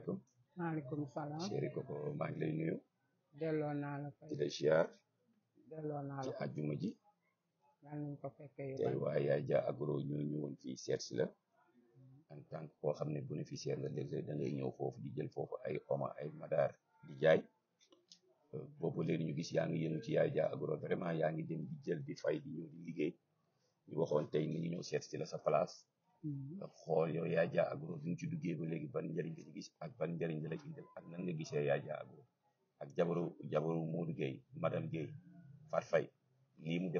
asalaamaaleykum. maaleykum salaam. chéri koko maa ngi lay nuyu. delloo naa la fay. di la ci àjjuma ji. yal nañu ko fekkee yu tey la. Mm-hmm. en tant koo xam ne bénéficiaire nga léeg-léeg da ñëw foofu di jël foofu ay oma ay madaar di jaay. Euh, boobu léegi ñu gis yaa ngi yéenu ci Yaye Dia Agro vraiment yaa ngi dem di jël di fay di ñëw di liggéey ñu waxoon tey ni ñu ñëw seet sa palace Mm-hmm. nga xool yow Yaa Jaa Agro fi nga ci duggee ba léegi ban njëriñ la ci gis ak ban njëriñ la ci def ak nan nga ak jabaru jabaru Modou Gueye madame Gueye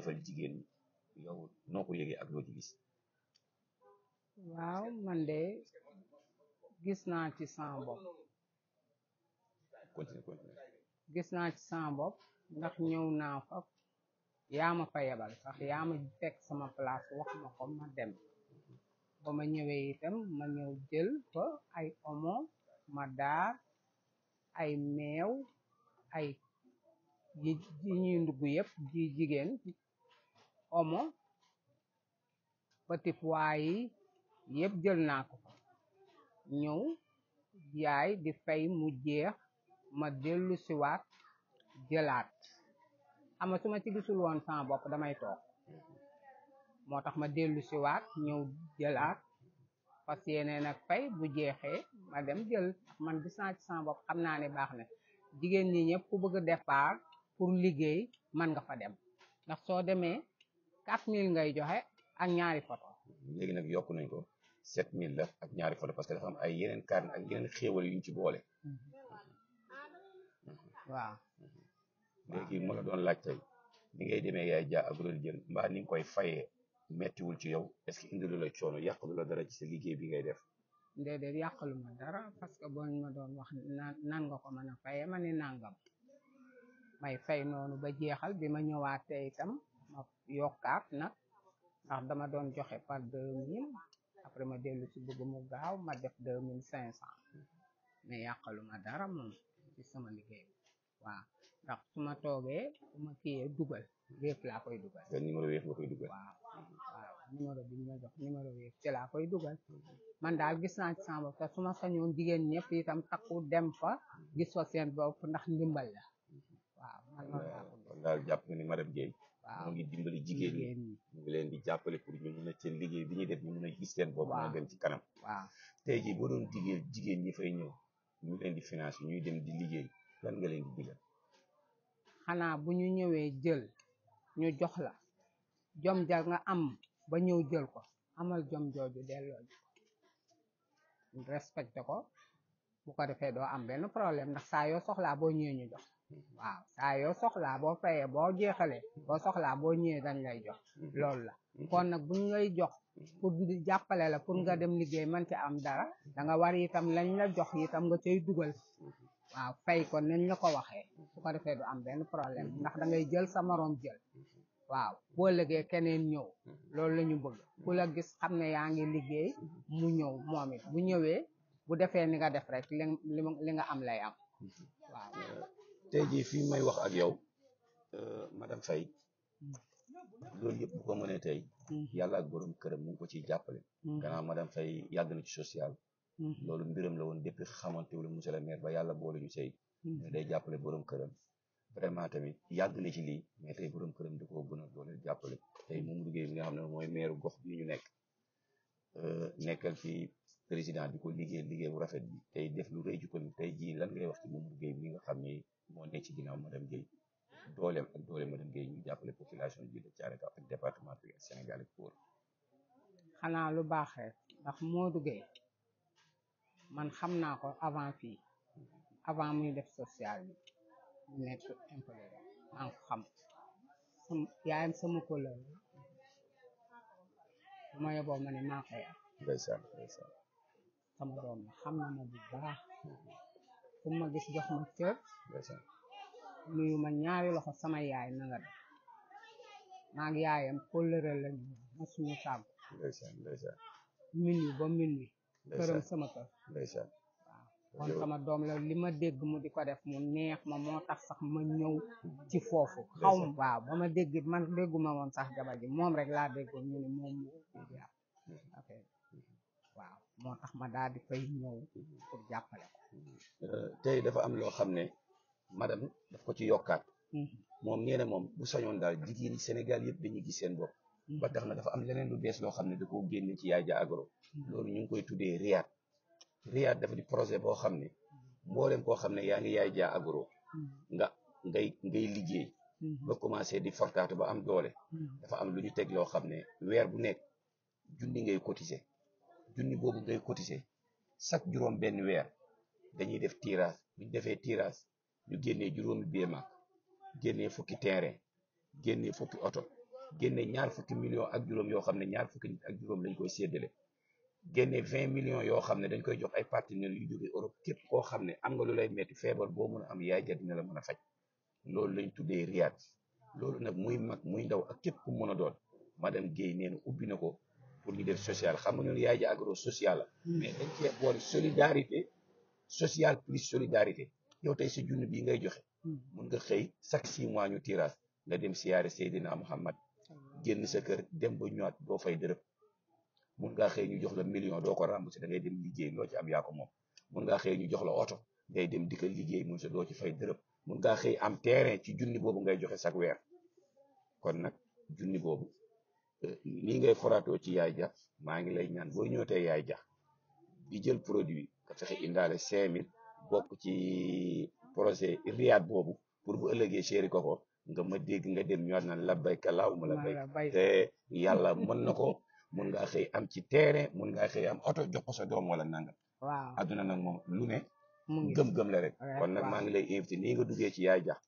Fat jigéen yow noo ko ak loo ci waaw man de gis naa ci sama bopp continue gis naa ci sama ndax ñëw naa fa yaa fa yebal sax yaa ma fekk sama place wax ma ko ma dem ba ma ñëwee itam ma ñëw jël fa ay omo ma daar ay meew ay yi ñuy ndugg yëpp ji jigéen omo batipuwaay yi yëpp jël naa ko ñëw jaay di fay mu jeex ma dellu siwaat jëlaat ama su ma ci gisul woon sama bopp damay toog moo tax ma dellu si waat ñëw jëlaat fas yéene nag fay bu jeexee ma dem jël man gis naa ci sama bopp xam naa ne baax na jigéen ñi ñëpp ku bëgg a départ pour liggéey man nga fa dem ndax soo demee 4000 ngay joxe ak ñaari photo léegi nag yokk nañ ko set mille la ak ñaari photo parce que dafa am ay yeneen kaar ak yeneen xéewal yu ñu ci boole. Mm-hmm. waaw. léegi ma la doon laaj tey ni ngay demee yaay jaa ak jël mbaa ni nga koy fayee. mettiwul ci yow est-ce que indilu la coono yàqalu la dara ci sa liggéey bi ngay def. déedéet yàqalu ma dara parce que boo ma doon wax nan nga ko mën a fayee ma ne nangam may fay noonu ba jeexal bi ma ñëwaatee itam ma yokkaat nag ndax dama doon joxe par deux après ma dellu ci bugg mu gaaw ma def deux mille cinq cent mais yàqalu ma dara moom ci sama liggéey waaw ndax su ma toogee su dugal wéef laa koy dugal. te numéro nga koy dugal. man daal gis naa ci sama bopp te su ma sañoon jigéen ñëpp itam takku dem fa gis fa seen bopp ndax ndimbal la. waaw man daal jàpp ni madame dimbali jigéen ñi ngi leen di jàppale pour ñu mun a seen liggéey bi ñuy ñu mun a gis seen bopp. waaw moo gën ci kanam. waaw tey jii doon jigéen ñi fay ñëw ñu leen di financé ñuy dem di liggéey. lan xanaa bu ñu ñëwee jël ñu jox la jom ja nga am ba ñëw jël ko amal jom jooju delloo ji respecté ko bu ko defee doo am benn problème ndax saa yoo soxlaa boo ñëwee ñu jox waaw saa yoo soxlaa boo fayee boo jeexalee boo soxlaa boo ñëwee dañ lay jox loolu la kon nag bu ñu lay jox pour di la pour nga dem liggéey man ci am dara danga nga war itam lañ la jox itam nga cay dugal waaw fay ko nañ la ko waxee su ko defee du am benn problème mm-hmm. ndax da ngay jël sa moroom jël mm-hmm. waaw boo lëgee keneen ñëw mm-hmm. loolu lañu ñu bëgg ku la gis xam ne yaa ngi liggéey mu ñëw moom it bu ñëwee bu defee ni nga def rek li li nga am lay am waaw euh, tey jii may wax ak yow euh, madame Faye loolu yëpp bu ko mënee tey yàlla ak borom këram mu ko ciy jàppale gannaaw madame Faye yàgg na ci social Mm-hmm. loolu mbiram la woon depuis xamante wala monsieur le maire ba yàlla boole ñu sëy mm-hmm. mais day jàppale borom këram vraiment tamit yàgg na ci lii mais tey borom këram di ko gën a doole jàppale tey moom nga xam ne mooy maire gox bi ñu nekk euh, nekkal fi président di ko liggéey liggéey bu rafet bi tey def lu rëy ci ko tey jii lan ngay wax ci moom liggéey bi nga xam ni moo nekk ci ginnaaw madame Guèye dooleem ak dooleem madame Guèye ñu jàppale population bi de ak département bi ak Sénégal ak Pôle. xanaa lu baax ndax Modou Guèye man xam naa ko avant fii avant muy def social bi nekk impolé maa ngi ko xam sama sama kóllël ma yoboo ma ne maa sama doom la xam na ma bu baax fu ma gis jox ma cër nuyu ma ñaari loxo sama yaay na nga def maa ngi yaayam kóllëre la ñu ma suñu tàggu min yu ba min wi këram sama kër ndeysaan kon sama doom la li ma dégg mu di ko def mu neex ma moo tax sax ma ñëw ci foofu xaw ma waaw ba ma dégguma woon sax jabar ji moom rek laa déggoon ñu moom mm-hmm. waaw moo tax ma daal di fay ñëw mm-hmm. pour jàppale ko mm-hmm. euh, tey dafa am loo xam ne madame daf ko ci yokkaat moom nee moom bu sañoon daal jigéen Sénégal yëpp dañuy gis seen bopp ba tax na dafa am leneen lu bees loo xam ne da koo génne ci Yaya Dia loolu ñu ngi koy tuddee RIAD RIAD dafa di projet boo xam ne mbooleem koo xam ne yaa ngi yaay jaa Agro nga ngay ngay liggéey ba commencé di fortaatu ba am doole dafa am lu ñu teg loo xam ne weer bu nekk junni ngay cotiser junni boobu ngay cotiser chaque juróom benn weer dañuy def tirage bu ñu defee tirage ñu génnee juróomi billet mag génnee fukki terrain génnee fukki oto génne ñaar fukki millions ak juróom yoo xam ne ñaar fukki nit ak juróom lañ koy séddale génne vingt millions yoo xam ne dañ koy jox ay partenaires yu jóge Europe képp koo xam ne am nga lu lay metti feebal boo mën a am yaay ja dina la mën a faj loolu lañ tuddee Riyad loolu nag muy mag muy ndaw ak képp ku mën a doon ma Guèye nee na ubbi na ko pour ñu def social xam nga ñun yaay ja agro social la hmm. mais dañ cee boole solidarité sociale plus solidarité yow tey si junni bii ngay joxe hmm. mun nga xëy chaque six mois ñu tirage nga dem siyaare Seydina Muhammad génn sa dem ba ñëwaat doo fay dërëm mun ngaa xëy ñu jox la million doo ko remboursé da ngay dem liggéey loo ci am yaa moom mun ngaa xëy ñu jox la oto ngay dem di ko liggéey mun sa doo ci fay dërëm mun ngaa xëy am terrain ci junni boobu ngay joxe sak weer kon nag junni boobu euh, nii ngay foraatoo ci yaay ja maa ngi lay ñaan boo ñëw tey yaay ja di jël produit nga fexe indaale cinq mille bokk ci projet Riyad boobu pour bu ëllëgee chéri ko ko nga ma dégg nga del ñu waat naan labbayka laahumma labbayk te yàlla mën na ko mun ngaa xëy am ci terrain mun ngaa xëy am oto jox ko sa doom wala nangam waaw adduna nag moom lu ne gëm-gëm la rek kon nag maa ngi lay invité ni nga duggee ci yaay jax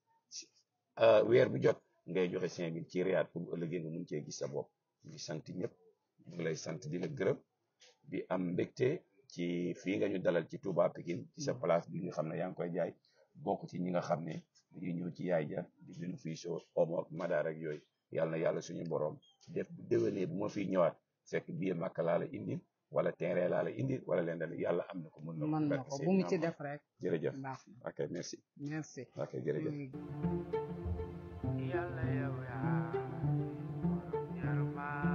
euh, weer bu jot ngay joxe cinq mille ci Riyad pour bu nga mun cee gis sa bopp di sant ñëpp ñu lay sant di la gërëm bi am mbégte ci fii nga ñu dalal ci Touba Pikine ci sa mm. place bi nga xam ne yaa ngi koy jaay bokk ci ñi nga xam ne dañuy ñëw ci yaay ja di bénéfice omo ak madaar ak yooyu yàlla na yàlla suñu boroom def bu déwénee bu ma fiy ñëwaat fekk biir màkk laa la indi wala terrain laal la indi wala leen dal yàlla am na ko mën na ko mën na ko ci def rek jërëjëf ok merci merci ok jërëjëf yàlla yow yaa